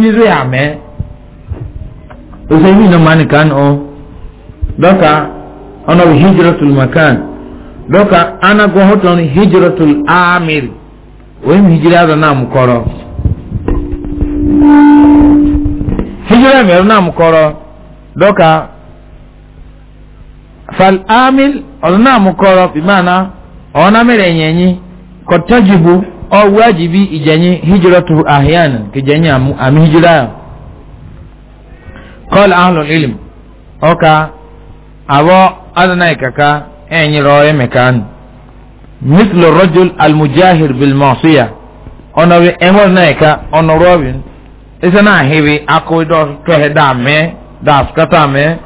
nyizu ya mɛ osemi na mani kan o dɔka ɔna bi hijiratul makan dɔka ana gɔhɔtɔn hijiratul amir o yi mi hijira da naamu kɔrɔ hijira mi yɛrɛ naamu kɔrɔ dɔka fal amir ɔna naamu kɔrɔ bi maana ɔna mi rɛ nyɛnyi kɔtɔjibu ọ wajibi ijenye hijratu ahyan kijenye am hijra qala ahlul ilm oka abo adana ikaka enyi roye mekan مثل الرجل المجاهر بالمعصية أنا بأمر نايكا أنا روبين إذا ناهيبي أكو دور كه دامي داس كتامي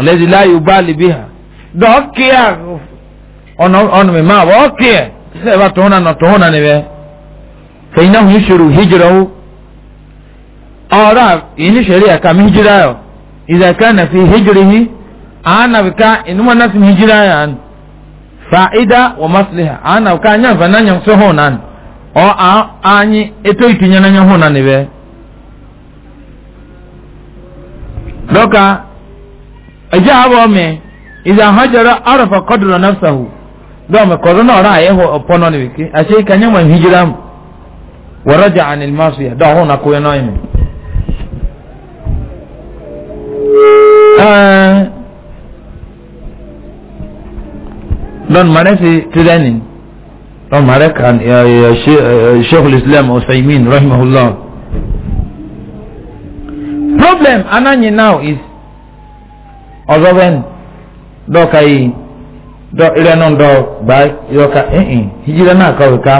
الذي لا يبالي بها دوكيا أنا أنا ما بوكيا sẹ́wà tọ́húnà nà na ni bẹ́ẹ̀ fẹ̀yìn náà ìṣòro hijira ó ọ̀rọ̀ ìníṣẹ̀rí ẹ̀ka mi hijira yọ ìzàkà nà fi hijiri hi àánàbìká ìnumọ̀ náà sì mi hijira yọ àná fa'ida wa masliha àánàbìká nyàmfà náà nyàmfà hó nà ọ àányí ètò ìtìnyẹ náà nyàmfà hó nà ni bẹ́ẹ̀. dọ́kà ẹ̀jẹ̀ àbọ̀ mi ìzà hajara arafa kọ́dùrọ̀ náà sàhù dɔmi kɔdɔ náà raa yehu ɔpɔnɔ ni wiki ase kanya ma hijira mu wɔrɔja ani masu ya dɔɔ na koya naa yi dɔn mare fi tirani dɔn mare problem ananyi now is ɔzɔbɛn dɔɔ ka yi. dɔ irɛ nɔ dɔ ba yɔ ka ɛn hijira naa ka o ka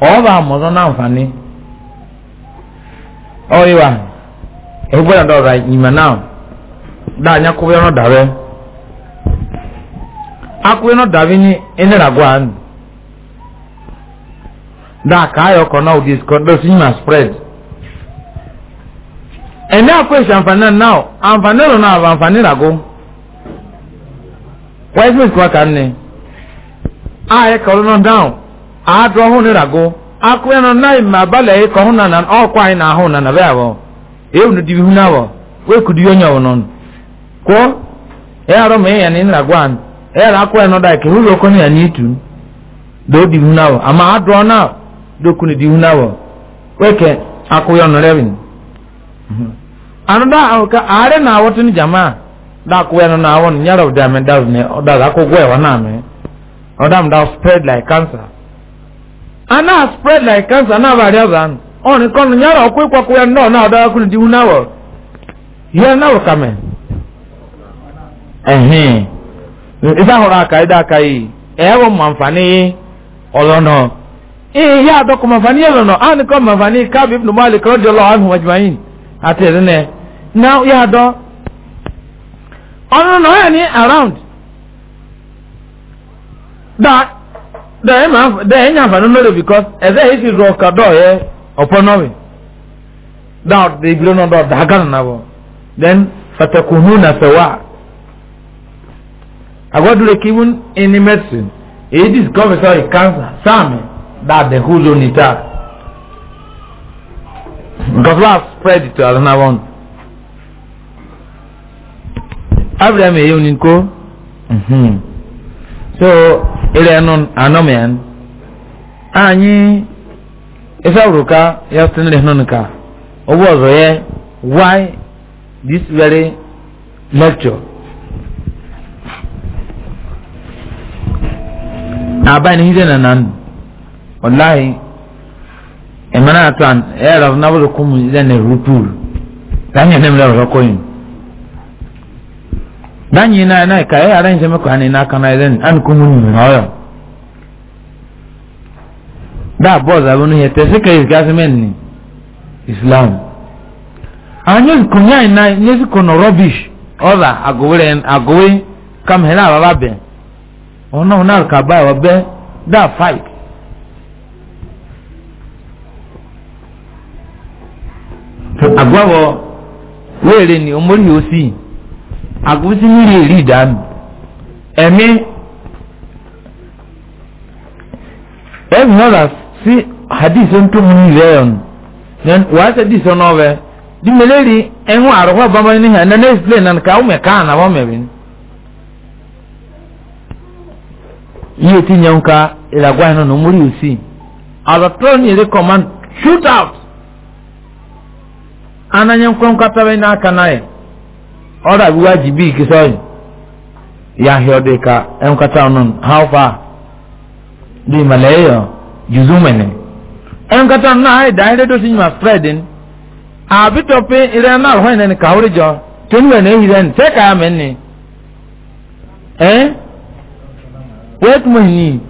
ɔba mɔzɔn n'anfani ɔyi wa egbɛna dɔ ra nyima naa daa nya kubɛ nɔ dawɛ akubɛ nɔ dabi ni ɛnɛra gua nu daa kaa yɔ kɔ naa o di kɔ dɔ si nyima spread ɛnɛ akɔ esi anfani na naa anfani lɔ naa anfani la go. wise kwa ka nne ahịa kọrọ nọ down adụ ọhụụ nịra agụ akụ ya nọ naghị ma abalị ka ọhụ na na ọkwa anyị eh, na oh, ahụ eh, na na bịa abụọ ewu eh, na dibi hu na abụọ wee kudu onye ọwụ nọ kwụọ ya arụ ma ya na ịnịra gwa anyị ya na akụ ya nọ daị ka hụrụ ọkọ ya na itu do dibi hu na abụọ ama adụ ah, ọ na doku na dibi hu na abụọ wee ke akụ ya nọ revin mhm. anụ daa ahụ ka ahịrị na awọtụ ni a. dakwenu na awon nyarab dame dav ne oda ga akụgụ gwe wa name oda m daw spread like cancer na spread like cancer na ba ria zan on ko no nyara ko kwa ya no na oda ku di una wo ye na wo kame ehe isa hora ka ida kai e wo manfani olono eh ya do ko manfani olono an ko manfani kab ibn malik radiyallahu anhu ajma'in atene na ya do ọ̀nà náà yà ní around da da ẹ̀ máa da ẹ̀ yàn lórí because ẹ̀sẹ̀ yìí ti rọ kàdọ̀ yẹ ọ̀pọ̀ náà mi da ìbílẹ̀ náà dọ̀ da gánà náà bọ̀ then fatakunu na sẹ̀wá agbádùrẹ̀ kí wọ́n ẹni medicine èyí discover sọ̀rọ̀ cancer sáàmì da the whole zone ní ta because wọ́n á spread to another one. abraham eyi oni ko mhm. so ere anomian anyị isawuruka ya ka ọ bụ ọzọ ya why this very lecture abani hize na nan wallahi emana atan era na bulu kumu zene rutul tanya nemla rokoyin danyi na na ka ya ran se mako ani na kana den an kunu ni hoyo da boza bunu ye tese kai ga semen ni islam anyo kunya na yesu kono rubbish oza agowren agowe kam hela baba be ona ona ka ba wa be da fight agwawo were ni omori osi àkùsí nílé ìrí ìdánù ẹ̀mí ẹ̀mí ọ̀rà sí hadith ń tó mu ní ìrẹ́ ọ̀nù then wàá sẹ́ dì sọ́nà ọ̀bẹ dìmẹ̀lẹ́rì ẹ̀hún àròkọ́ bàbá ní hàn na explain nàn na ọmọ ẹ̀ka àná wọ́n mẹ̀rin. yíyẹ ihe tinye nka ìlàgbá yẹn nà mórí òsì àlọ́tọ́ ní èrè shoot out ananyẹ́ nǹkan kátàwé náà na náà ọrụ abụwa ji bi ikisa ọyị ya ahịa ọdị ka enkata ọnụ ha ụfa dị malayo juzu mene enkata ọnụ ahịa da ahịa dosi nyuma spreadin abitope ire na ahụ ene ka hụrụ jọ tenu wee na ehire ni teka ya mee ni ee wet mu ni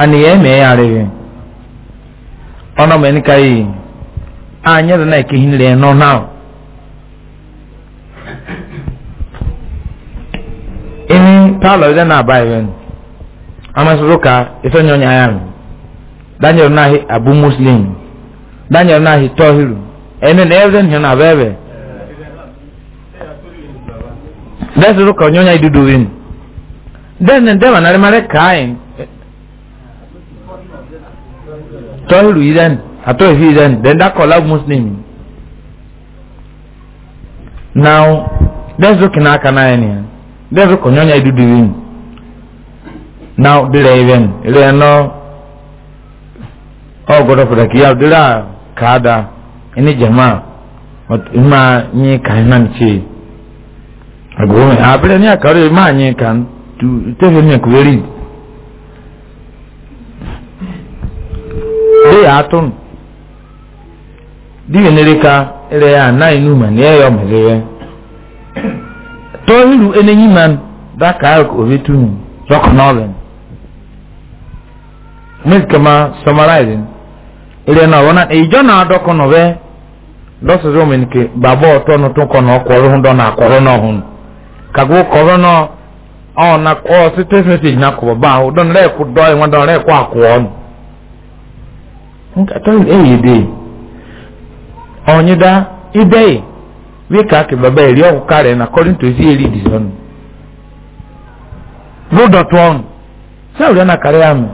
ani ya eme ya arịrị ọnụ mene ka ya anyị dị na ekehi nile n'ọnụ ahụ ini paulo ide na aba iben amasoro ka ife nyonya ya daniel nahi abu muslim daniel nahi tohiru ene na ezen hiyo na bebe desoro ka nyonya idudu win den ndeba na remare kain tohiru iden ato ifi iden den da kola muslim now desoro kina aka na ya dẹ́sù kò nyọ́nyà dúdú yìí náà dìrẹ̀ ìwẹ̀n ìrẹ̀ ẹ̀nà ọgọ́dọ̀ pàtàkì yà dìrẹ̀ kàádà ẹni jẹ̀mà ìmà yín ni náà nìkyí agbóhùn yà abẹ́rẹ́ ni àkàrọ̀ ìmà ni kan tu tẹ́fẹ̀ ní ẹ̀kúwérì. Dèyà atún dìbì nírìkà ìrẹ̀ yà náà inú mà ní ẹ̀yọ̀ mẹ̀lẹ́yẹ̀. tohiru enenyi man daka ovetun rock novel miss kama summarizing ilẹ̀ náà wọn na ìjọ náà dọ́kọ̀ náà bẹ́ẹ̀ lọ́sọ̀rọ̀ omi nìke bàbá ọ̀tọ́ nu tó kọ̀ náà kọ̀ọ̀rọ̀ hún dọ́nà àkọ̀rọ̀ náà hún kàgbó ọ sí text message náà kọ̀ bá àwọn dọ́nà lẹ́ẹ̀kú dọ́ ìwọ̀n dọ́nà lẹ́ẹ̀kú àkọ́ ọ̀nù. nkàtọ́ ìlú èyí dé ọ̀nyídá wíkà kì bàbá èrè ọ̀kúkà rẹ̀ nà according to ezi èrè ìdìsọ́nù. blue dot one sáwùrì ẹ̀ nà na àmì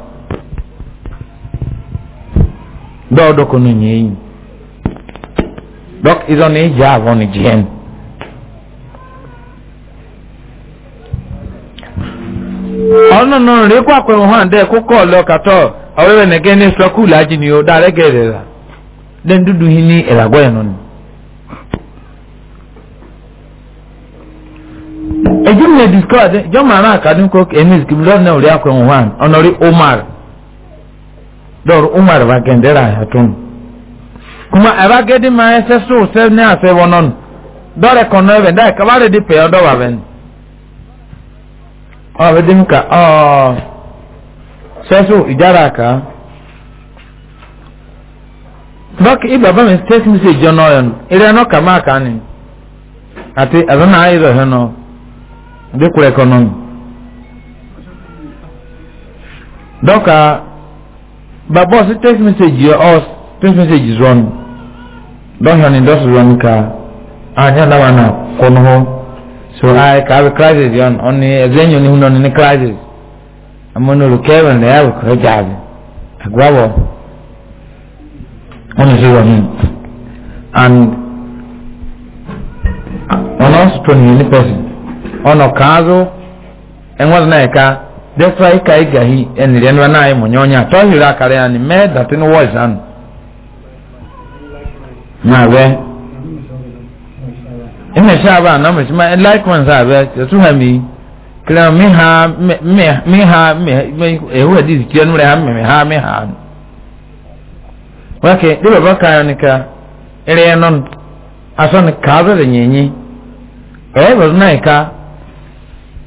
dọ́ọ̀dọ́ kò nù nyẹ́ yìí dọ́k ìzọ́ ìjà àbọ̀ nì jìhẹ́n. ọ̀nà nà kó àpẹ̀wò hàn dẹ́ kó kọ́ ọ̀lọ́ kàtọ́ ọ̀wẹ́wẹ́ nẹ̀gẹ́ ní ni ó dá rà dẹ́ndúdú yìí ní ìràgbọ́ ni. Then we discussed, John Mara Kadunko, Emis Giblon, now Riako Juan, Honori Omar. Dor Omar Vagendera Hatun. Kuma Eva getting my ancestors, seven years, seven on. Dore Conoven, that Cavale di Peo Dovaven. Oh, Vedimka, oh, Sesu Ijaraka. Dok Ibabam is taking message John Oyon. It is not Kamakanin. Ati, I don't know how you know. dekure konon doka but boss it text message your us text message is wrong don yan indos wrong ka anya na wana kono so i ka have crisis yon oni ezenyo ni hunon ni crisis amono lu kevin le have ko jabe agwawo oni so wrong and on us to ni person ono kazo enwa na eka defa ika igahi enri enwa na munyonya to hira kare ani me that no was na be shaba na musima e like one sabe to hami kira mi ha mi ha mi ehu adi e zikiri nure ha mi ha mi ha wake e kazo de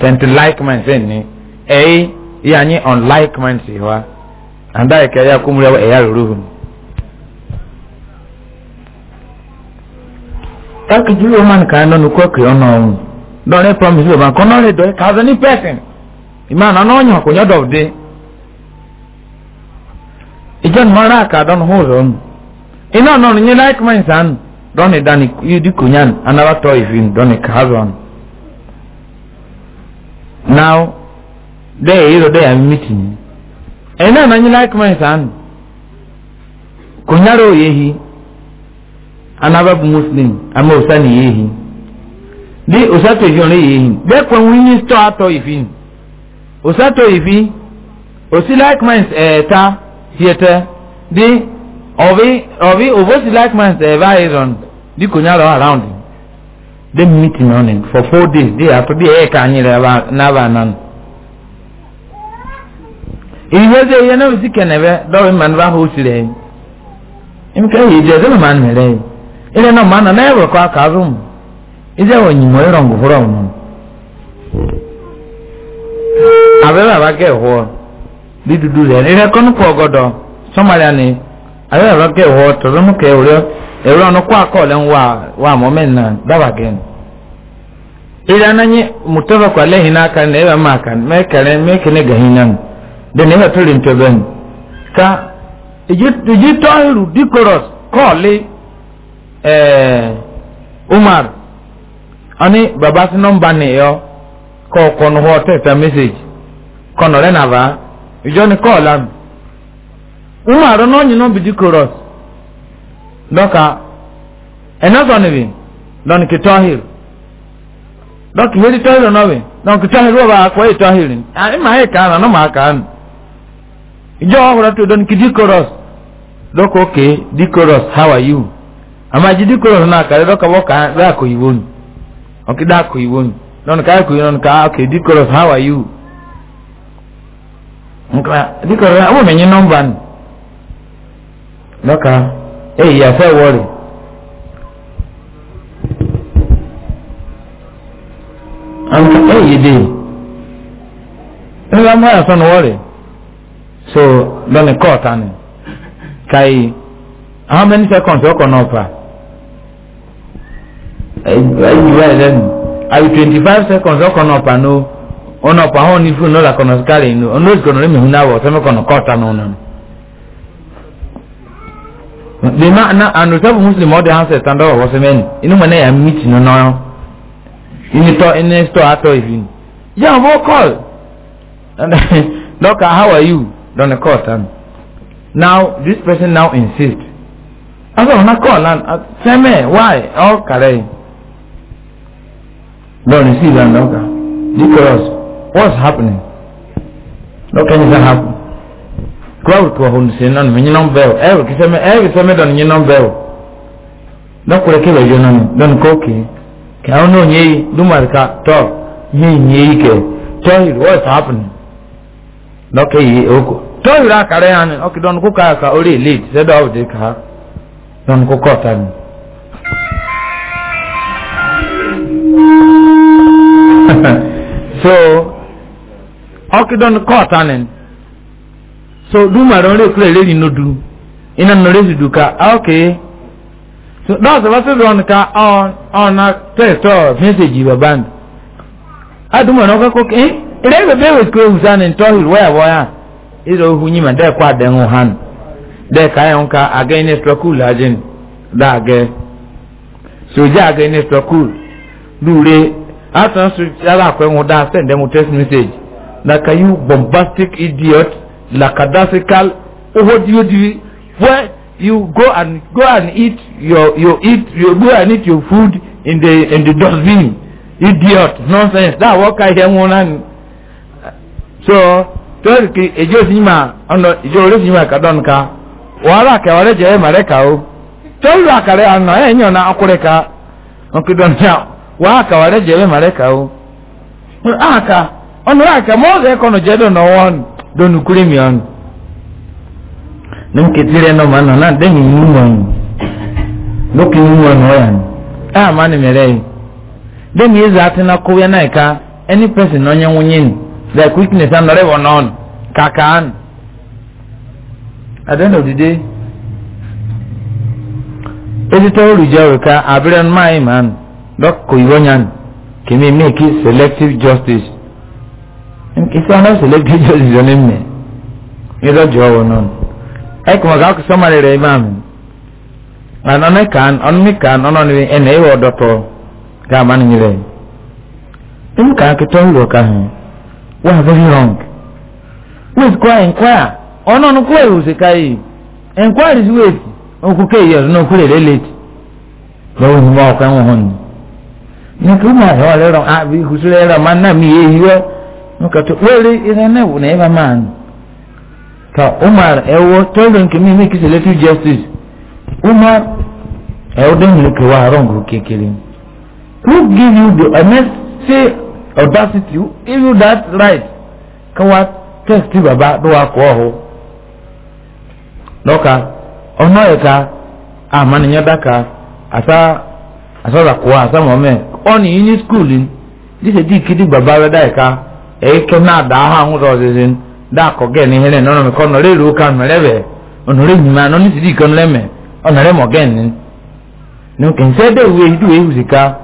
tẹ̀ntì láìkìmẹ̀ntì ẹ̀ ní ẹ̀yí yíyá ní ọ̀nláìkìmẹ̀ntì wa àǹdá ìkẹ́ ẹ̀yà kó múlẹ̀ ẹ̀yà rúru hù. ẹ̀kì jírí man, nìkan lọ́nu kọ́ kì ọ́nà ọ̀hún dọ́rin promise ló máa kọ́ náà lè dọ́rin kàzọ́ ní pẹ́sìn ìmáà náà náà yàn kò yọ̀dọ̀ òde. ìjọ ni mọ́ra àkàdọ́nù hó rọ̀ ọ́nù iná náà ní láìkìmẹ̀ntì àánú dọ́rin dání yídí kò yàn anáwó tọ́ ìfin dọ́rin kàzọ́ ọ̀nù. now there you there am meeting and na nanyi like my son kunyaro yehi anaba muslim ama usani yehi di usato jone yehi de kwa winni store ato ifin usato ifi osi like my eta eh, theater di ovi ovi like like my evasion eh, di kunyaro around him dem meeting on it for four days day after day ka anyị n'aba nan iheze ihe na osi kenebe dọwị ma nba ha osiri anyị imike ya eze ma mere anyị ile na mana na ewekọ aka azụ m ize onyi mo ịrọ ngwụrụ ọnwụ abịa baba ka ịhụọ dị dudu ya kọnụ kwa ọgọdọ sọmalia ni abịa baba ka ịhụọ tọrọ m ka ewere ẹ̀rọ ọ̀nà kọ́ àkọọ̀lẹ̀ ń na wà mọ́mẹ́ni ananyi mutafakọ alẹ́hìn náà kan ẹ̀rọ máa kan mẹ́kẹrẹ mẹ́kẹrẹ gàhin náà dẹ̀ni ẹ̀rọ ka ìjì tọ́ irú dikorus kọ́ọ̀lì umar ọ̀ni baba nọ nọ́mbà nìyọ kọ́ ọkọ̀ nù họ́ tẹ̀tà mẹ́sẹ̀gì kọ́nọ̀rẹ́ ni umar dọka enazọnibi dọnki tọhir dọki heri tọhir nọbi dọnki tọhir wọba akọ eyi tọhir e ni ma eyi kaana nọ ma kaana ijọ ọhụrụ to dọnki dikoros dọka oke dikoros how are you amaji dikoros na akara dọka bọ ka bẹ akọ iwo ni ọkị dọ akọ iwo ni dọnka akọ iwo dọnka oke dikoros how are you nka dikoros awọ menye nọmba ni dọka. èyí ẹ̀fẹ́ wọ̀rì. àmì èyí dè ńlá mọ́ ẹ̀fẹ́ ni wọ̀rì so lọ́nà kọ́ọ̀tà ni kàyí how many seconds ọkọ̀ náà pa ẹ̀yìn báyìí lẹ́nu àyè twenty five seconds ọkọ̀ náà pa ní ọ̀nà ọ̀pọ̀ àwọn onífúnù náà làkọ̀nà kárì ní ọ̀nà òsì kọ̀nà rẹ̀ mìíràn náà wọ̀ ọ̀tọ́ mẹ́kọ̀nà kọ́ọ̀tà náà nù the man na and muslim all the answers stand up was men inu mo na ya meet no no ini to ini store ato even yeah mo call and doctor how are you don call am now this person now insist aso na call and seme why all oh, kare don receive and doctor because what's happening doctor is happen crowd wa hun sin nan min nan bel e ki seme e ki seme don min nan bel na kure ke be jonan don ko ki ka ono nyi dumar ka to nyi nyi ke to it was happening no ke yi oko to ira a han o ki don ku ka ka ori lead se do de ka don ku ko tan so o ki don ko tanen so do ma don rekule re ni nodu ina no do car ah, okay so that's what we want ka ah, ah, on on eh? a test or message ba band adu ma no ka ko eh re be be we ko usan en tohir wa wa ya iro hu ni ma de kwa on hu han de ka yon ka again is cool ajin da again so ja again is cool dure atan su ala kwen wo da send them text message that can you bombastic idiot lakadasical ohodiodiwi where you go and go and eat your your eat you go and eat your food in the in the dustbin idiot nonsense that work I hear one and so tori ki ejo sinima ọnà ìjọ orí sinima kadọ́n ka wàhálà kẹwàrẹ́ jẹ́ mẹ́rẹ́ ka o tori ra kàrẹ́ àná ẹ̀ yàn náà ọkùnrin ka ọkùnrin náà wàhálà kẹwàrẹ́ jẹ́ mẹ́rẹ́ ka o. aka ah, ọ̀nà àkà ah, mọ́ọ̀sẹ̀ kọ́nà jẹ́dọ̀ náà wọ́n don kuri mi on nim ke tire no man na de ni ni no ki ni won no yan ah man me re de mi za ti na ko ya na ka any person no nyen wonyin the quickness and re won on kakan adan of the day editor rujawe ka abiran e mai man dok ko yonyan kimi make selective justice nkisa náà sọlẹ gbẹjọ ìjọ ní mi yọdọ jọ wọn náà ẹ kò mọ ká kó sọmọlẹ rẹ máa mi àná ọ̀nà kan ọ̀nà mi kan ọ̀nà ni ẹ̀ nà ẹ̀ wọ̀ dọ̀tọ̀ gáà má nìyí rẹ̀ very wrong wait kọ́ ẹ̀nkwáà ọ̀nà ọ̀nà kó èrò ṣe káyé ẹ̀nkwáà rí sí wait òkú kéyìí ọ̀dún náà kú lè lélẹ̀tì nkata wele irene wu na ebe maanyi ka umar ewo tolden kemi make selective justice umar ewo don look wa wrong kekere who give you the i say audacity who give you that right ka wa test baba do wa ko ho lọka ọnà ẹka amaniyan daka asa asọra kọ asa mọmẹ ọ ní yín ní skul yìí díṣe díì kí dí baba rẹ dá ẹka. eke na ada aha nwụrụ ọzịzị da gen ihe na ọnụ mekọ nọrọ eru ụka nọrebe ọnọrọ enyi ma n'ọnụ ike nọrọ eme ọnọrọ mọ gen ni nse de uwe idu ewu zika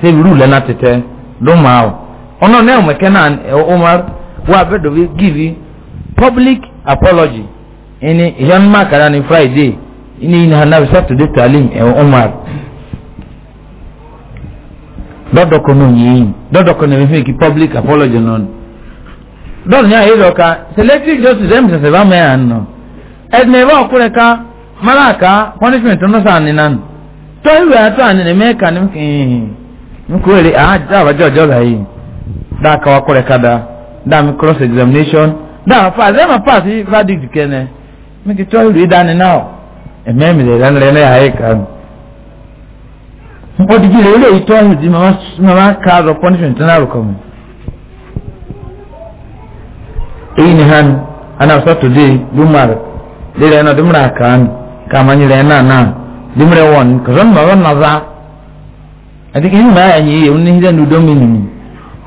se na tete ahụ ọnụ na eke na umar wa give public apology ini ihe mma kara ni friday ini ihe na saturday talim umar e dɔdɔ kɔnɔ yìí dɔdɔ kɔnɔ fi public apology nɔ dɔdɔ ní ayé dɔka selective justice ɛmu sɛsɛ bá mɛ yàn ɛdini ɛbá ɔkúrɛ ká malaka punishment nɔ sàn nínà nù tó ìwé àtọ ànínà mɛ ká ní kìín nkúrè àá dábàjọ ọjọ là yìí dáa ká ɔkúrɛ ká dá dáa cross examination dáa fa zẹ́mà pass verdict kẹ́nẹ́ mi kì tó ìwé dání náà ɛmẹ́mi lè rẹ́nu rẹ́nu ayé kan odigi le ilé ìtọ́ ẹ̀hìn tí màmá ká lọ punishment náà rò kọ́mu. èyí ni han anabisa today lumar lera ẹ̀nà dùmúra àkàn kàmányi rẹ̀ náà náà dùmúra wọn kòsán màmá nàza àdìgẹ́ yìí màá yẹn yìí ní hídẹ́ nù dómi nìyí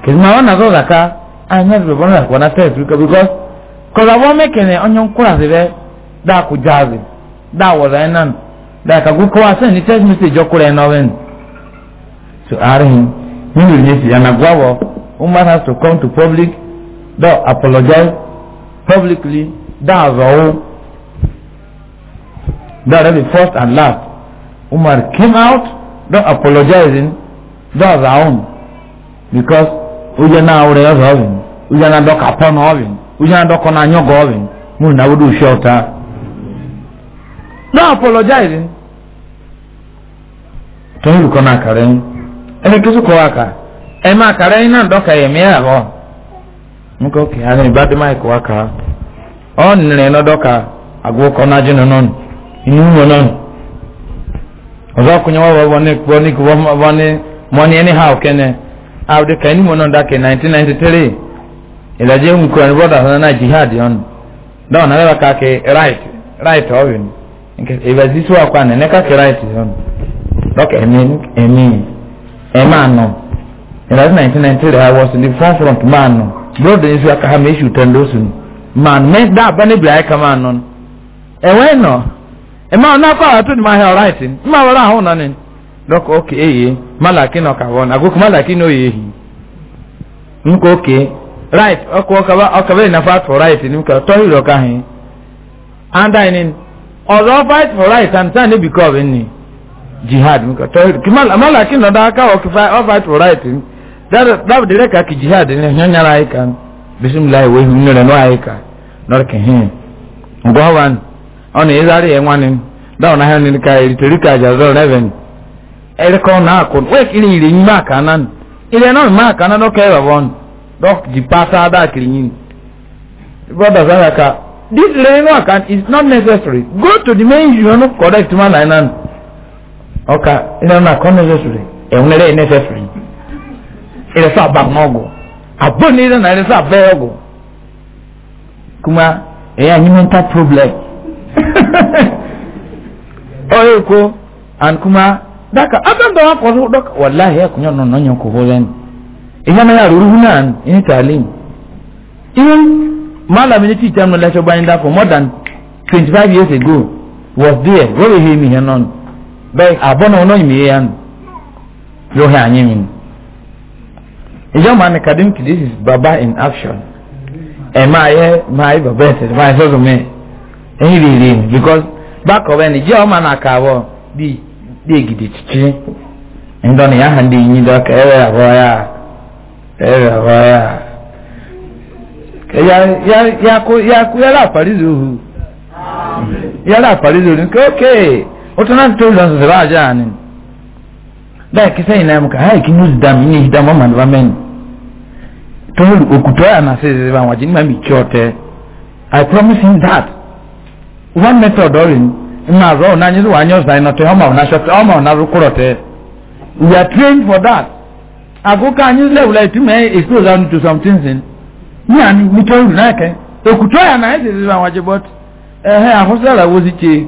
kìsì màmá nàza ọ̀dàká àyàn bẹ̀rẹ̀ bọ́n náà wọn náà tẹ̀sí kọ́ because kọ́sà wọ́n mẹ́kẹ̀ẹ́ ọ̀nyọ́ nkúrasì rẹ̀ dáa kó jáde to him, Aaron, Hindu Nisi, and Agwawo, Umar has to come to public, though apologize publicly, That that's all. That's the first and last. Umar came out, though apologizing, that's our own. Because Ujana Aurea is having, Ujana Dok upon having, Ujana Dok on Anyogo having, Muna would do shelter. Not apologizing. Don't you connect, Karen? ẹni tó wákà ẹ máa kàrà ẹyin náà dọ́kà yẹ mí àbọ̀ nǹkan òkè àti ìbádé máìkì wákà ọ̀nìrìn náà dọ́kà àgùkọ́ náà jìnnà náà inú mọ̀ náà ọ̀zọ́ kúnyẹ́ wọ́n wọ́n ní wọ́n ní wọ́n ní ẹni àwùjọ mọ̀ náà 1993 ìdájẹ́ nǹkan ẹni bọ́dà sọ́nà jihad yọ̀n náà ɛmaano in that 1993 I was in the forefront maano broda nso aka ha ma esu tando so no maano mɛ da aba ne bi ayɛ ka maano no ɛwɛn nɔ ɛmaano n'akɔ awa to ne eh? ma ahɛ ɔrait no mma wɔn ahɔ nɔ ne dɔkɔ ɔke eye malaki na ɔka na agogo malaki na ɔyɛ ehi nkɔ oke right ɔkɔ ɔkaba ɔkaba yɛ nafa atɔ right ne mu ka tɔhi dɔka hɛ andan ne ɔdɔ fight for right eh? eh, and time ne bi kɔɔ bɛ ne. jihad malaki nọ n'aka ọfight for right dabdire ka ki jihad ne nyanyara anyị ka bisimilahi wehu nnere nọ anyị ka nọrịka hin e e ngwawan ọ e na ịzara ya nwanne dọọ na ahịa nile ka eritori ka jazọ reven erikọ na akụ wekiri iri ime aka na ire nọ ime aka na dọka ịba bọn dọk ji pata ada kiri yin brothers ahịa ka this rain work is not necessary go to the main union correct man like ọka ina na kọ necessary enwere necessary iresa e abagun ọgụ abụọ na na iresa abụọ ọgụ kuma eya anyị mental problem ọya ekwo and kuma daka abẹ́ndọ̀ wa kọ̀ dọ́kà wàláhì ẹ̀kúnyọ̀ nọ̀ nọ̀ nyọ̀kọ̀ bọ́ lẹ́nu ìyá náà yàrá orúkú náà ní tàlín even malam ní tí ìtẹ́nu lẹ́sọ̀ báyìí dá for more than twenty five years ago was there wọ́n lè hẹ́ mi hẹ́ náà. bẹ́ẹ̀ àbọ̀ náà ọ̀nà ìmìyẹ yá yóò hẹ́ ànyẹ́ mi kadim this is baba in action ẹ̀ máa yẹ máa yẹ bàbá ẹ̀sẹ̀ máa yẹ mi ẹ̀yìn because back of ẹni jẹ́ ọmọ náà kà wọ́ bí bí ègìdì títí ndọ́ni yà hàn dé yín dọ́kà ẹ̀rẹ̀ àbọ̀ yà ẹ̀rẹ̀ àbọ̀ yà yà yà yà lá yà lá otana ntolonzo zebajaani dakisainamuka hayi kinyuzidamu nihidamu amani bameni tolu okutoya nasezeze banwaji nimami kyote i promise him that one method na-anyịzụ na olin imazo onanyizi wanyoza inote oma na oma onarukurote we are trained for that ka agoka anyizile ulaitima expose out to some things in nyani na nake okutoya naesezeze banwaji but ehe eh, ahosala wozichee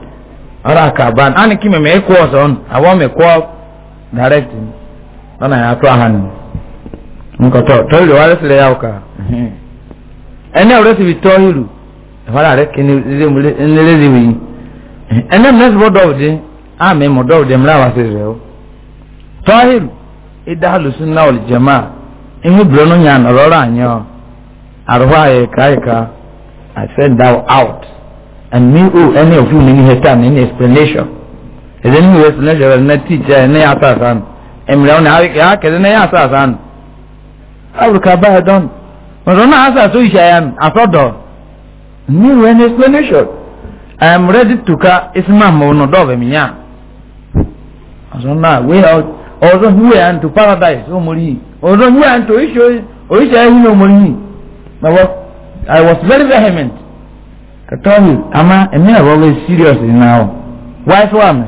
ọrọ akaban a nìkí mẹmẹ ẹkọ ọsọ ọnù na mẹkọ direct lọnà yà tó aha nù nkọtọ tọhìrì wà lẹsìlẹ yà ọkà ẹnẹ ọrẹ sì fi tọhìrì ìfọdà rẹ kí nílẹ zi wìí ẹnẹ mẹsì bọ dọwọdì àmì mọ dọwọdì mìíràn wà sí rẹ o tọhìrì ìdá lùsùn náà ọlì jẹmà ihu bùrọ nù yàn ọrọ rà nyẹ ọ àrùwá ẹka i send out. and me oh any of you need to time any explanation is any explanation that na teacher na ya sa san em ra na ya ke na ya sa san abu ka ba don mo na asa so isha yan asodo ni we any explanation i am ready to ka isma mo no do be miya aso na we out ozo huwe and to paradise o mori ozo huwe and to isho o isha hin o i was very vehement tọ́lù àmá ẹ̀mí àbọ̀ wẹ́ serious náà ọ̀ wáyé fún àmì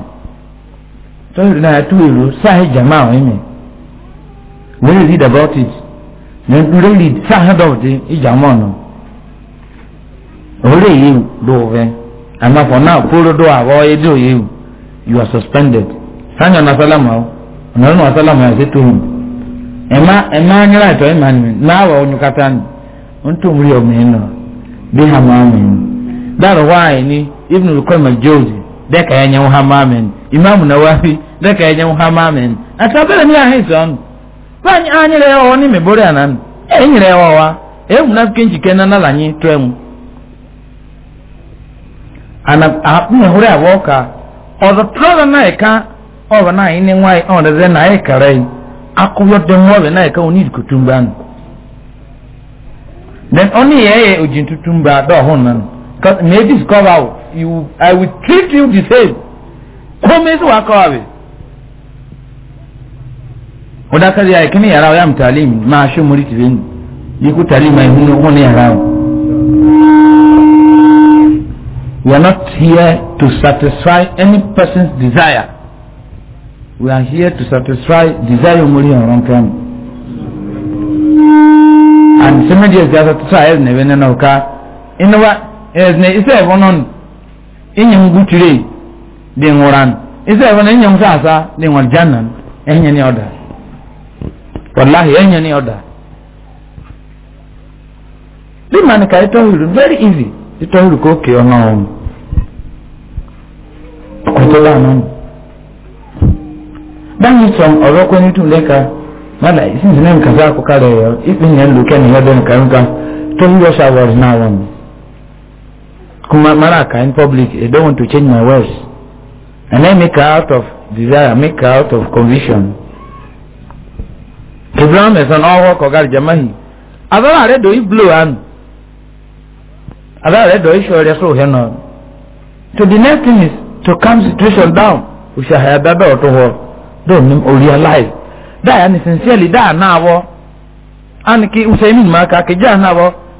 tọ́lù náà tú èrò sáhẹ́ jama àwọn ẹ̀mí lórí read about it lórí sáhẹ́ dọ̀tí ìjàmọ́ ọ̀nà òwúrọ̀ èyí ló wọ́fẹ́ àmà for now kóródó àwọ̀ ẹ̀dẹ́ òye o you are suspended sáyẹn ọ̀nà sálámà o ọ̀nà ọ̀nà sálámà ẹ̀ sẹ́tò hù ẹ̀má ẹ̀má nyẹ́rà ìtọ́ ẹ̀má ni náà wọ̀ ọ̀nù ni ó tó wúrí ọ̀mìnir bí hàmà daro waye ni ibn al-qayyim al-jawzi deka ya nyawo hamamen imam nawawi deka ya ha nyawo hamamen atabele ni ahison bani anyere ya oni mebore anan enyere ya wa e munafiki njike e na nalanyi twem ana apne hore awoka odo tro na eka oba na ine nwai odo ze na anyị eka rai akuyo de mwobe na eka oni kutumban den oni yeye ọhụrụ na honan Because may discover how you I will treat you the same. Kome su wa kawa be. Oda ka ya kimi yara ya mtalim ma shi muri ti bin. Ni ku talim mai hunu hunu yara. We are not here to satisfy any person's desire. We are here to satisfy desire muri yaran kan. And some of the satisfy ne bene nauka. Inuwa ezne isa evonon inyam gutire de ngoran isa evonon inyam sasa de ngor janan enya ni oda wallahi enya ni oda lima ni kai tohiru very easy itohiru ko ke ona on otola non dan yi som oro ko ni tun leka mala isin zinen kaza ko kare yo ipin yan luke ni yadon kan kan to yo shawar na kuma maraka in public they don't want to change my words and I make her out of desire make her out of conviction ibrahim ẹ̀sán ọwọ́ kọ̀gá jamahi abẹ́rẹ́ do dòí blow am abẹ́rẹ́ rẹ̀ dòí sọ rẹ̀ sọ hẹ́ náà so the next thing is to calm situation down òṣìṣẹ́ abẹ́bẹ́ ọ̀tọ̀ wọ don't name or realize dáa yà ni sincerely dáa náà wọ ànìkí ọ̀sẹ̀ yìí nìyí máa kà kéjì àná wọ.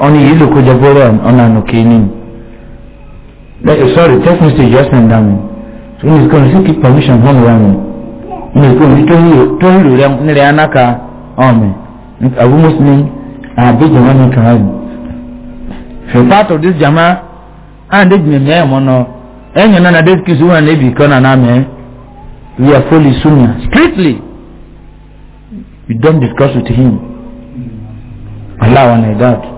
ọni yìí lóko jẹ bọ́ọ̀rọ̀ ọ̀nà ànàkè ní sorry text message just send down so he is going to seek permission from hàn wà mí ní ìsìkò ní tó ń lò rẹ nílẹ̀ anáka ọ̀mẹ̀ abu muslim àbí jama ní kàwáyé for part of this jama and ẹ jìnnà mẹ́ẹ̀ mọ́ náà ẹ̀yìn e náà na dé kìsù wọn ní ibi kan náà mẹ́ẹ̀ we are fully sunna strictly we don't discuss with him. Allah wa na that.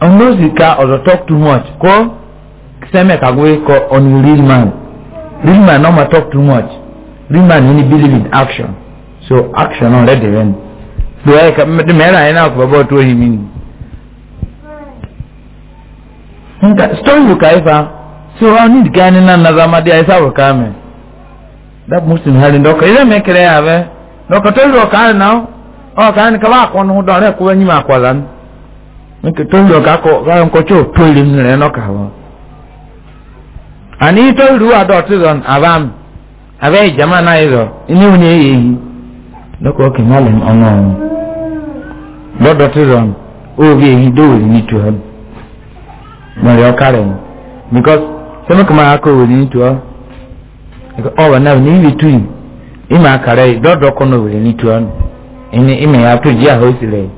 onozika or ozo talk too much ko seme kagwe ko on real man real man no ma talk too much real man ni believe in action so action on let the end do I come the mera ina ko babo to him ni nka story so I need gani na nazama dia isa wakame that muslim hali ndoka ile mekere yawe ndoka to ndoka now o kan ka ba ko no do re ko nyima kwalan nke toilu ka akọ ka nkocha otoilu m nere nọ ka hụ ani toilu wa dọtị zọn abam abịa ijama na ịzọ ihe onye eyi ehi dọkọ oke mmalị m ọnụ ọnụ dọ dọtị zọn obi ehi doweri n'itu ha mere ọ karị m bikọs sọmọ kama aka oweri n'itu ha ọ bụ na n'ihi tu ịma akara dọdọkọ na oweri to ha ịma ya atụ ji ahụ o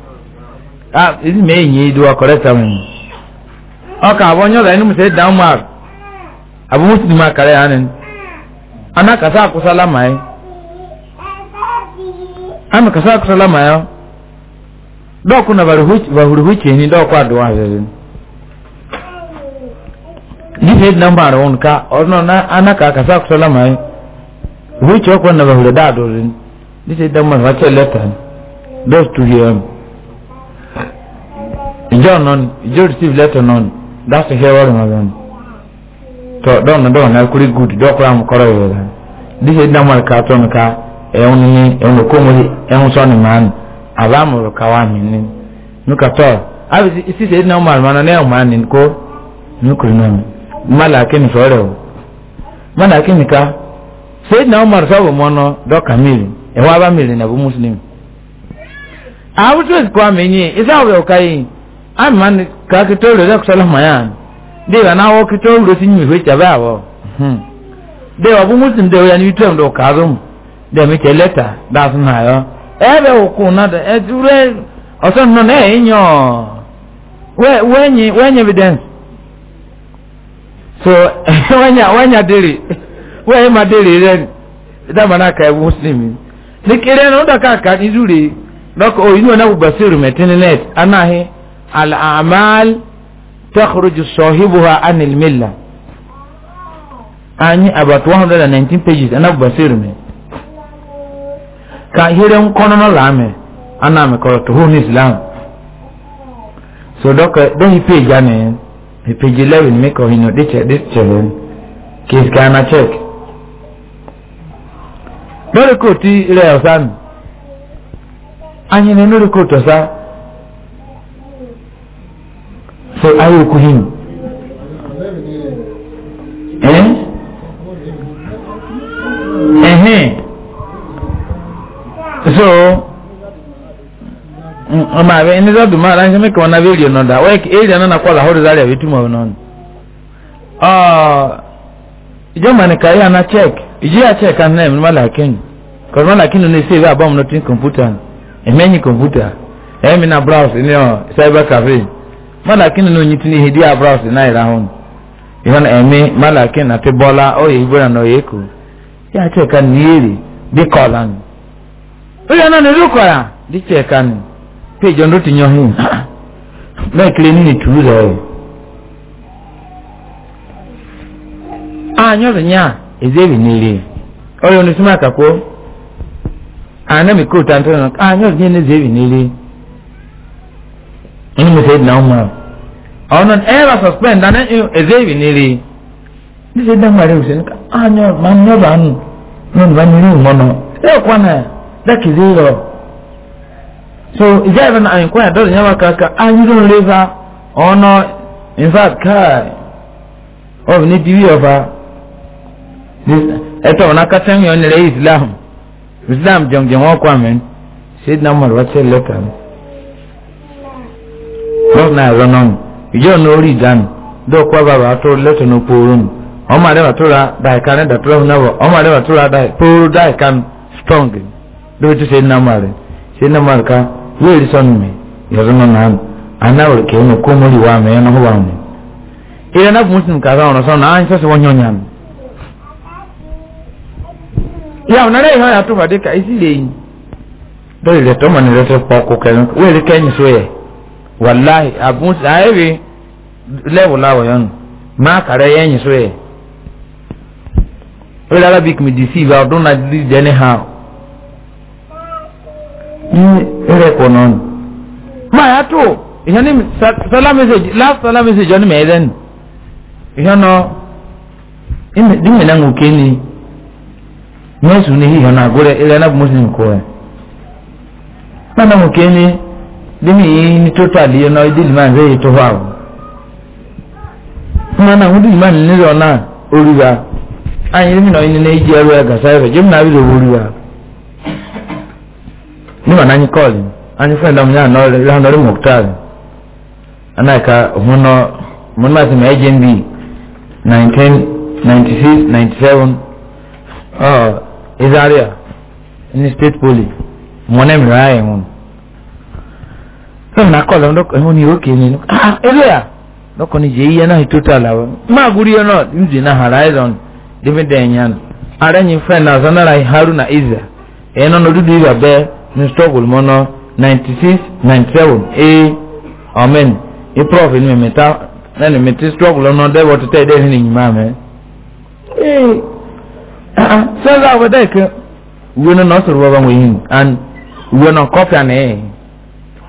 ah isi mee nyi do correct am ọka abọ nyọ la enum musa down mark abọ muslim akara ya nin ana kasa akusala mai ana kasa akusala mai ọ oh. dọọkụ na bahuruhu ni dọọkụ adụwa azịzị dịka ịdị na mba arụ ka na ana ka akasa akusala mai ruhu chi ọkụ oh, na da adụrụ dịka ịdị na mba arụ ha chọọ leta dọọsụ tuhi ya mu ìjọ nọ́ni ìjọ receive letter nọ́ni that's the hair wọ́ọ̀rù mọ̀lẹ́ ni tọ́ dọ́ọ̀nù dọ́ọ̀nù akuri good dọ́ọ̀kọ́ àmú kọ́rọ̀ yẹ̀ rẹ̀ díṣe dámọ̀rì ká tọ́nu ká ẹ̀hún ní ẹ̀hún kọ́mọ́lì ẹ̀hún sọ́ni màánu àbámọ̀rù ká wà mí ní nuka tọ́ abisi ìsísè ẹ̀dínà ọmọlẹ́ mọ́nà ní ẹ̀hún màánu kó nukuri náà mmala akínì fọ́ọ̀rẹ̀ o mmala akínì ká sẹ́dínà ọmọlẹ́ sọ́ọ̀bù mọ́nà dọ́ọ̀kà mìíràn ẹ̀hún abá mìíràn nàbó mùsùlùmí. àwùjọ ìsìkọ́ àmì yìí aman ka kitolo za kusala mayan de ga na wo kitolo tin mi hwecha ba bo hmm de wa bumutin de ya ni tem do kazum de mi keleta da sun ha yo ebe oku na da ejure oso no na enyo we wenyi wenyi evidence so wanya wanya diri we ma diri ren da mana ka e muslimi ni kire no da ka ka izuri lọkọ oyinu ọ̀nà gbogbo ẹsẹ̀ rẹ̀ mẹ́tẹ́ni net anáhìn al'amal takhruju sahibuha anil milla anyi about 119 pages ana basir me ka hiren konono lame ana me koro to hun islam so doka don ipe jane e page 11 me ko hino de che de che kis kana check lórí kò tí ọ̀sán anyi ni lórí kò tọ̀sán so ayo him. eh eh so ọmọ àbẹ ẹni sọ́dún máa láti mí kàn wọn náà bẹ́ẹ̀rì ọ̀nà dà wẹ́ẹ̀kì èrì ọ̀nà kọ́ làwọn ọ̀rẹ́ sáré àbẹ́tùmọ̀ ọ̀nà ọ̀nà ìjọba ni kàrí àná check ìjìyà check àná ẹ̀mí mọ́làkínú kọ́sí mọ́làkínú ní sèwé àbámu náà tí kọ̀mpútà ẹ̀mẹ́yìn kọ̀mpútà ẹ̀mí na browse ní ọ̀ cyber cafe. malakin na onye tinye ihe di abra ọsị na ịra ahụ ihe na eme malakin na pebola oyi ibera na oyi eku ya cheka na iri dị kọla nụ onye na na-eru kwara dị cheka nụ peji ọnụ tinye ọhịa na ekele nini turu ụzọ ọyị anyọrọ nya ezebi n'iri ọrịa onye sumaka kwuo anamikotu antọnọ anyọrọ nya na ezebi n'iri ẹni mi sẹ́yìn náà mọ̀ ọ̀nà ẹ̀rọ suspend dáná ẹ̀dẹ́ ìwé nílé ní sẹ́yìn náà mọ̀rẹ́ òsè níka ányọ máa ń yọ̀bà nù ní ọ̀nà ní ìlú mọ́nà ẹ̀ kwana náà dákì sí lọ. so ìjà ìfẹ́ náà àyìnkọ́ yà dọ́dọ̀ yẹn wá kàkà ányúrò ń léfa ọ̀nà in fact káà ọ̀bì ní tv ọ̀fà ẹ̀tọ́ ọ̀nà kátẹ́yìn ọ̀nà ilẹ̀ islam islam jẹ̀mjẹ̀m wọ́n kọ́ àmì sẹ́yìn náà mọ̀rẹ́ wá lọ́nà ìrọ̀nà ìjọ náà orí ìdánù dọ́ọ̀kọ́ bàbá tó lẹ́tọ̀ ní pòórùn ọmọ àdẹ́wà tó ra dàìka ní dàtúrọ̀ náà wọ̀ ọmọ àdẹ́wà tó ra pòórù dàìka strong lórí tó ṣe ní nàmà rẹ̀ ṣe ní nàmà rẹ̀ ká wíìrì sọ́nù mi ìrọ̀nà náà anáwòrán kìí ní kó mórí wa mẹ́rin náà wà ní. ìrẹ́ náà fún mùsùlùmí kàrà ọ̀rọ̀ sọ́nù á ń sọ́sọ́ wọ́n rẹ̀ tọ́mọ̀ ni rẹ̀ tẹ́ pọ̀ kó kẹrin wíìrì kẹ́yìn sóyẹ̀ wallahi abun sahibi level lawo yon ma kare yen so e Orí Arabic mi deceive àwọn ọdún náà dìde anyhow. Ní ẹ̀rẹ̀ kọ̀ náà nù. Máa yá tó ìyẹn ní sọlá mẹsàgì last sọlá mẹsàgì ọ̀nà mẹ́ẹ̀ẹ́dẹ́ nù. Ìyẹn nọ dìmẹ̀ náà òkè ni mẹ́sùn ní ìyẹn náà gbọ́dọ̀ ẹ̀rẹ̀ náà mọ̀sùn kọ̀ ẹ̀. Náà náà òkè ni. dimi ni totally you know idil man very to wow mana hudu man ni ro na oriwa anyi mi no ni na ije ro ga sai be jim na bi ro oriwa ni na ni call anyi friend am ya no re no re muktar anaka huno mun ma ma ejen bi 1996 97 oh izaria ni state police mwana mraa yenu na akọla ndọkọ ịhụ na oke enyi ah ebe ya ndọkọ na ije ihe naghị total ahụ mma gwuru ihe nọ nzi na horizon david enyan ara nyi friend na zanara haru na iza ẹ no n'odudu iza bẹ ní struggle mọ nọ 96 97 ee amen iprof ni mmeta na ni mmeta struggle nọ dẹbọ tẹtẹ ẹdẹ ẹni nìyí mọ amẹ ee sọ za ọbẹ dẹ kẹ uwe nọ n'ọsọrọ bọba nwere hin and uwe nọ kọfịa na ẹ.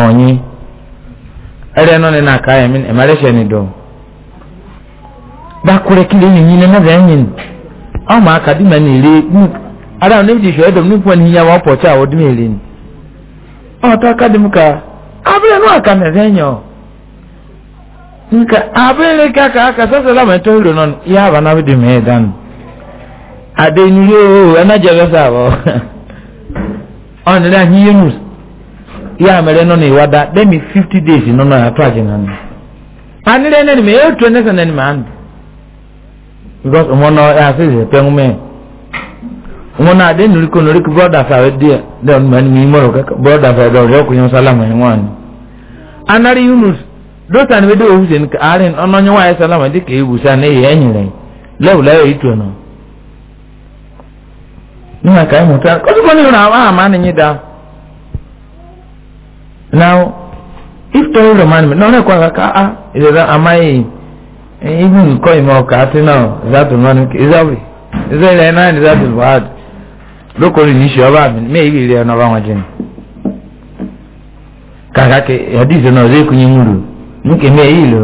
onyi ere no ne na ka ye min e mare she ni do ba kure kile ni ni na ga yin o ma ka di ma ni ri ara ne bi she do ni ko ni ya wa po cha o di ni ri ni o ka di mu ka abire no aka me zenyo nka abire ka ka ka so so la nọ to ro no ya ba na bi di me dan ade ni yoo e na je sa bo on le anyi ya mere nọ na iwada demi 50 days nọ na atụ na ndụ anịrị ene nime ya otu na andụ because ụmụ nọ ya asị ezi epe nwume na adị nnuriko nnuriko brothers awe dị dị ọnụma enime ime ọrụ kaka brothers awe dọrọ ọkụ nyọnsa ala nwanyị nwanyị anarị yunus na wedo ohu sen ka arịn ọnụ onye nwanyị salama dịka ebusa na ihe enyere lewula ya itu nọ ka now if tell the man no ka ah, eh, a is that am i even ko imo ka is that the man is that is that the is that is bad loko ni shi oba mi me iri re na ba wajin kaka ke hadith no ze kunyi muru nke me ilo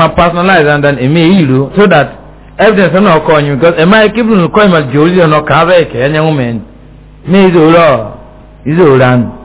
ma personalize and then eme ilo so that evidence no ko because am i keep no ko imo jori no ka ba enye women me izo ro izo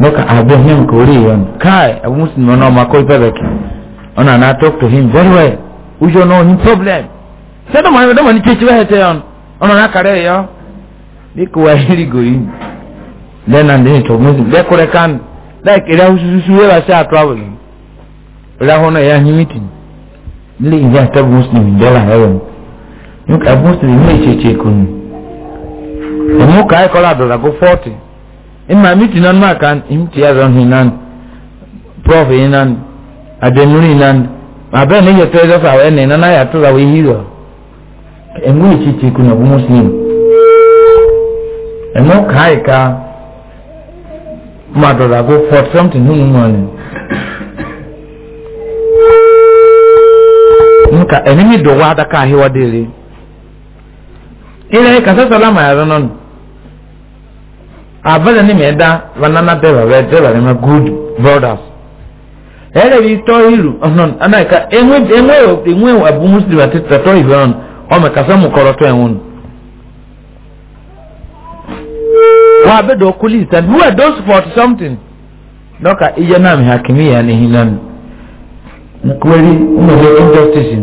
Look, I have him Korean. Kai, abu Muslim, no, my call Bebek. And I talk to him very well. We him problem. Said, no, I don't want to teach you how to on. On an academy, yeah. They go ahead, go and then to Muslim. They could have Like, it was whoever said traveling. Rahona, yeah, he meeting. Lee, he Muslim in Dela Heaven. Look, a Muslim, he may check on. ima miti nan ma kan imti ya zon hinan prof hinan adenuri hinan abe ne ya tezo sa we ne na ya tura we hizo engu ichi chi kuna bu muslim eno kai ka ma do la go for something hunu mani nka enemi do wa da ka hiwa dele ile ka sa salama ya zonon abada ni meda banana beba be deba ni good brothers ele bi to ilu onon anaka enwe enwe enwe abu muslim atita to ilu on o me kasa mu koro to enwun wa be do kulis and who are those for something doka ije na mi hakimi ya ni hinan kweli umeje injustice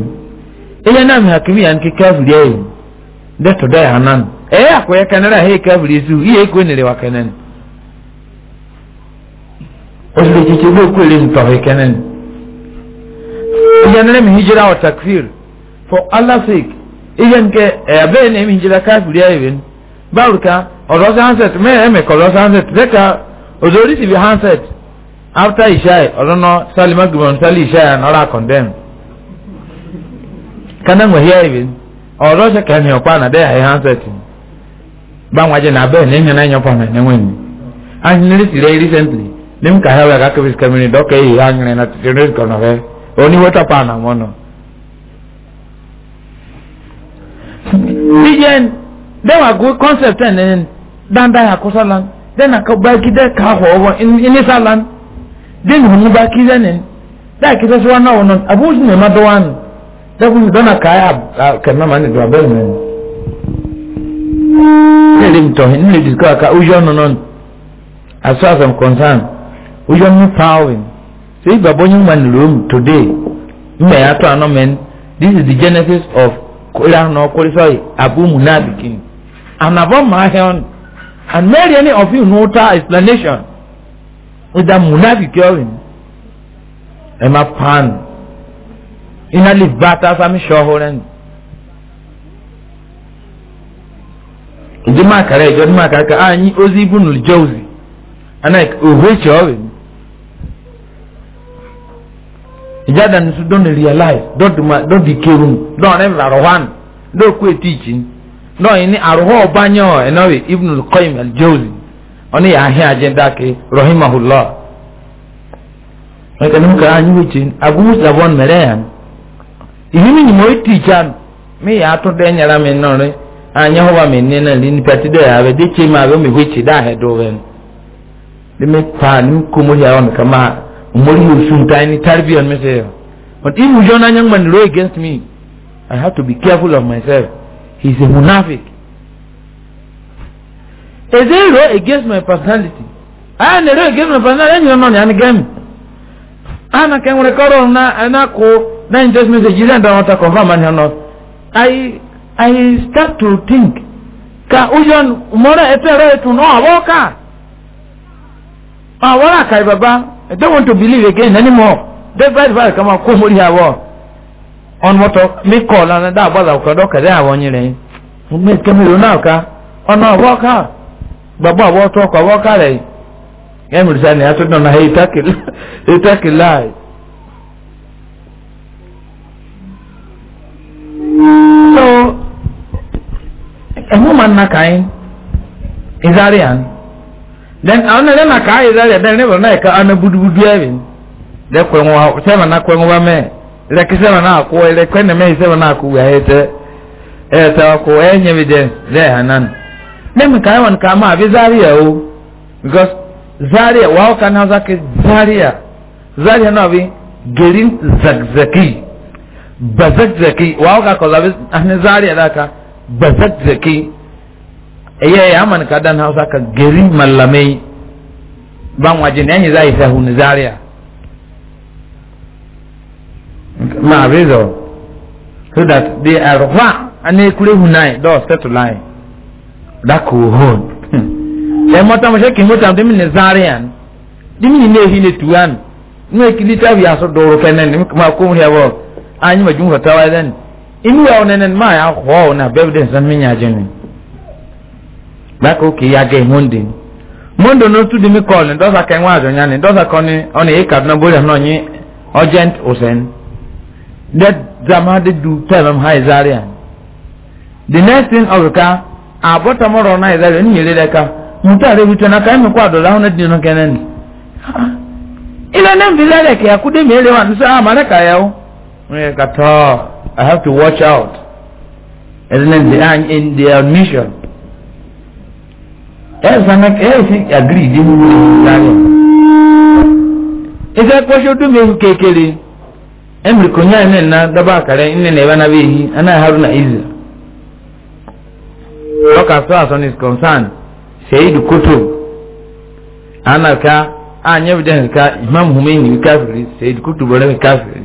ije na mi hakimi ya ni kafiri yeye to dai hanan eya kwaya kanara he kabiri su iye ko nere wa kanan osile chiche bo kwele nto he kanan yanere mi hijira wa takfir for allah sake iyan ke ebe ne mi hijira kafiri ayen baruka oro sunset me e me ko sunset deka ozori si bi handset after isha oro salima gbon sali isha na ora condemn kanan wa here even oro se kan he opa na de he handset ni bangwaje na be ne nyana nyopa me ne wenyi ah, anyiri tire recently nim ka hawa ka kebis kamini doke yi anyire ah, na tire ko no be eh. oni oh, wota pa na mono Bijen, they were good concept and danda ya kusalan, then akabaki de ka ho in inisalan, then hunubaki then da kisa suwa na wonon abu shi ne madawan, da kuma dona kaya a ah, kanna mani da abin ne nílé ntọ̀hìn nílé disco aka ojú ọ̀nà náà as far as i'm concerned ojú ọ̀nà pawin so if babo yín wà ní today mbẹ yà tó àná mẹ́n this is the genesis of kóra náà kóra sọ́yì abu munabikin and abọ́ máa hẹ́ ọ́n and mary any of you know ta explanation with that munabikin ẹ̀ máa pan iná lè bá ta sami sọ́hóran. Sure ijima ndị ijọ aka ka anyị ozi ibu nul jauzi anaghị ohwe che ọrịa ijada nisu don realize don di kerun don ne rarohan don kwe tichi don ini aruhu obanye o enowe ibn al-qayyim al-jawzi oni ya ahi agenda ke rahimahullah ka nuka anyi wuce agumu sabon mere ya yan ihimi ni mo ticha mi ya to de nyara mi nore anya hɔ mi nne na ni pɛte dɛ abɛ de kye mu abɛ mi hɔ kye dɛ ahɛ do bɛn de mi paa ne kɔn mu yɛ awɔ mi kama mori yɛ osu ntan ne tari bi yɛ mi sɛ but if you join anya man row against me i have to be careful of myself he is a munafik is it row against my personality aya na row against my personality ɛnyɛ nɔ ne ani gɛmi aya na kɛn wɛrɛ kɔrɔ na ɛna ko na interest message yi sɛ n dɔn wɔn ta confirm ani hɔ nɔ ayi. I start to think ka ujan mora etere to no awoka awara ah, kai baba I don't want to believe again anymore that bad bad kama ko mori awo on moto mi call na da bada ko do ka da awonyire mi ke mi lo na ka ona awoka baba awo to ko awoka re yẹn mi sani atúndọ̀ náà ìtàkì láì. so ɛho ma nna kan izari an then àwọn ẹ̀rẹ́ na kaa izari ẹ̀ dẹ́n níbẹ̀rẹ̀ náà ẹ̀ka ana budubudu ẹ̀rẹ́ dẹ́ kwẹ̀nwó ha sẹ́wọ̀n na kwẹ̀nwó bá mẹ́ ẹ̀rẹ́kẹ́ sẹ́wọ̀n na akó ẹ̀rẹ́kẹ́ na mẹ́ sẹ́wọ̀n na akó wíyá ẹ̀tẹ́ ẹ̀tẹ́ akó ẹ̀yẹ́ nyẹ́ bi dẹ́ dẹ́ hanan dẹ́ mi kaa wọn kaa ma àbí zari ẹ̀ o because zari ẹ̀ wàá ọ̀ka náà zaki zari ẹ̀ zari ẹ̀ náà bi gerin zakzaki bazakzaki wàá ọ̀ka kọ̀ bazakzaki ɛyɛ yɛ ama ne ka da ne hausa ka geri malamai ban waje ne yanyi za a yi sahu ne zaria ma a rezo so that they are hwa ane kure hunai do settle line da ko hon ya mota mo shekin mota de min zarian di min ne hi ne tuan ne kilita bi aso doro fenen ma ko mu ya bo anyi ma jumfa tawa den inu ya onenen ma na bebden san minya jeni bako ke ya ge monde no tu de mi call ndo sa ken wa jonya ni ndo e kad na boya no nyi urgent that zama de du tell high zaria the next thing ka abota moro na zaria ni yele ka mutare bitu na kai mi kwa dola hono dinu kenen ina nem bilale ke akude mi elewa nsa amareka yao I have to watch out. And then they are in their mission. Else I'm like, hey, see, agree, they will be Is that what you do, Miss Kekele? Emri kunya ene na daba kare ene na ebana behi ana haruna izi. Look as far as one is concerned, Sayyid Kutub. Ana ka, anya evidence ka Imam Humaini kafiri, Sayyid Kutub wala kafiri.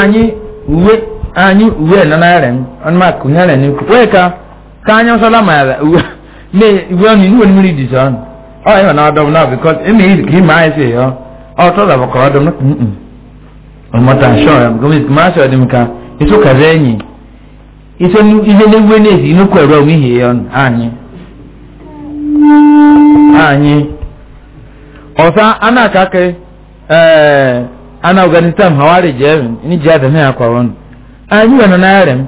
anyị uwe anyị uwe nọ n'arịa ọnụ ma kụnyere n'ikwu wee ka ka anya nsọla maara uwe na uwe ọnụ inuwe mmiri dị sọ ọnụ ọ ịhụ na ọdọm na bikọs eme iri ka ime anyị si yọọ ọtọ dọba ka ọdọm n'ụkwụ ọmọta nsọ ya gọọmenti ma asọ dị m ka ịsụ kaza enyi ịsọ ihe na n'egwe na-esi nnukwu ero m ihe ya ọnụ anyị anyị ọsa anakake ee eh, ana afghanistan hawari jerin ni jiya da naya kwaron an yi wani na yaren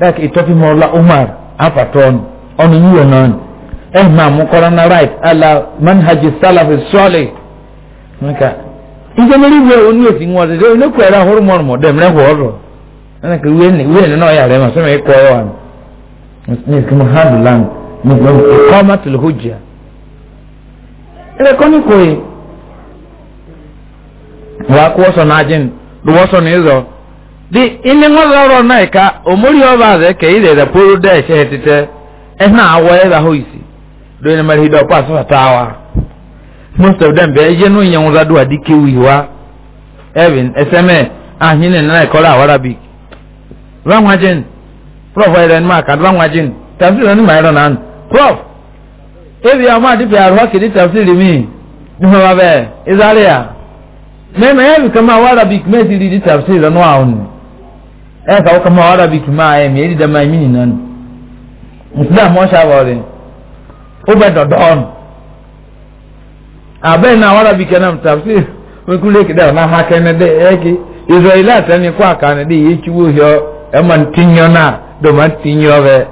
Dak ka itofi mola umar afaton onu yi wani wani eh ma mu corona right ala manhaji salafi sole nka ije meri bi o ni esi nwa de ne ko era hormone mo dem re horo ana ka we ni we ni no yare ma so me ko wa ni ki mo handle land ni ko kama hujja ele koni ko wa ko so na jin do wo so ni zo di ini ngozo ro na ka o oba ze ke ile da puru de she tete e na awo e da ho isi do ni mari do pa so tawa most of them be je no yen za do adike wi wa even eseme ahin ni na ko la arabic ran wa jin prof wa ren ma ka ran wa jin tafsir ni ma na an prof ebi ama di bi arwa kidi tafsir mi ni ma ba be izaria mema yabi kama warabic mesiri di tafsir anu awon e ka kama warabic ma e mi edi da ma mini nan muslim mo sha wore o be do don abe na warabic na tafsir we kule ki da na ha kene de e ki israila tani kwa kan de yi chi wo yo e man tinyo na do man tinyo be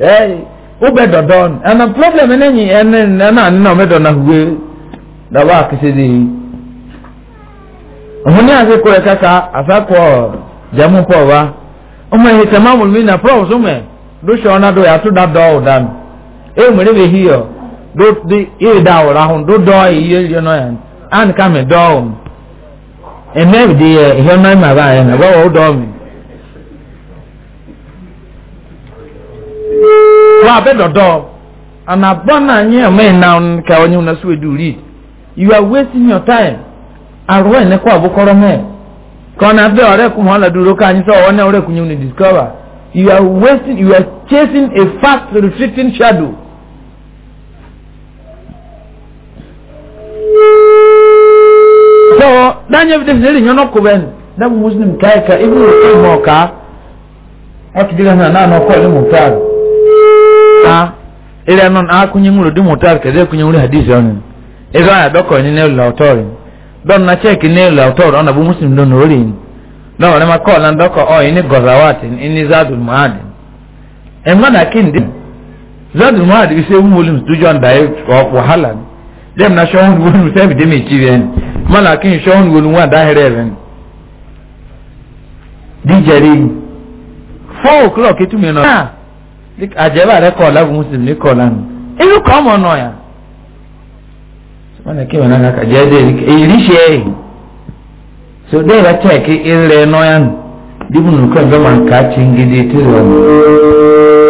eh o be do don and the problem enyi en na na no me do na hwe da wa kisi di òhun ní àsìkò ẹ̀ kàkà àsàkò jẹ́mú pọ̀ wá ọmọ ìhì tẹ̀mọ́ mùmí nà pọ̀ ọ̀sùnmẹ̀ lóṣù ọ̀nà dọ̀ yàtọ̀ dá dọ̀ ọ̀ dànù èyí mìíràn bẹ̀ hí ọ̀ dó di èyí dá ọ̀rọ̀ ahùn dó dọ̀ èyí yẹ náà yẹn án ká mi dọ̀ ọ̀hún ẹ̀mẹ́ ìdí yẹ ìhẹ́ náà mà bá yẹn nàbọ̀ ọ̀ dọ̀ mi. wọ́n abẹ́ dọ̀dọ̀ ànàbọ̀ náà yẹn mẹ́rin náà kẹ́ ọ You are wasting your time arụwa enekwa abụkọrọ mee ka ọ na-abịa ọrịa kwụ mọla duro ka anyị sọ ọwụwa na ọrịa kwụnye unu discover you are wasting you are chasing a fast retreating shadow. so danye bi defisiri nyono kuben da mu muslim kai ka ibnu qayyim mo ka ati diga na na no ko ni mutar ha ile non a kunyi ngulu di mutar ke de kunyi ngulu hadisi onin ega ya doko ni ne lo torin don na check ne la autor ona bu muslim don rorin don ona ma call and doko o oh, ini gozawatin ini zadul maad e ngana kindi zadul maad bi se mulim du jon dai ko dem na shon wonu se bi demi chiven mala kin shon wonu wa da hereven dijeri 4 o'clock itu mi na ajeba re call abu muslim ni call an ilu come on wanda ke wani haka jaje irishe so dai ya ce ke irin noyan dibin nukon zaman kacin gidi tuzon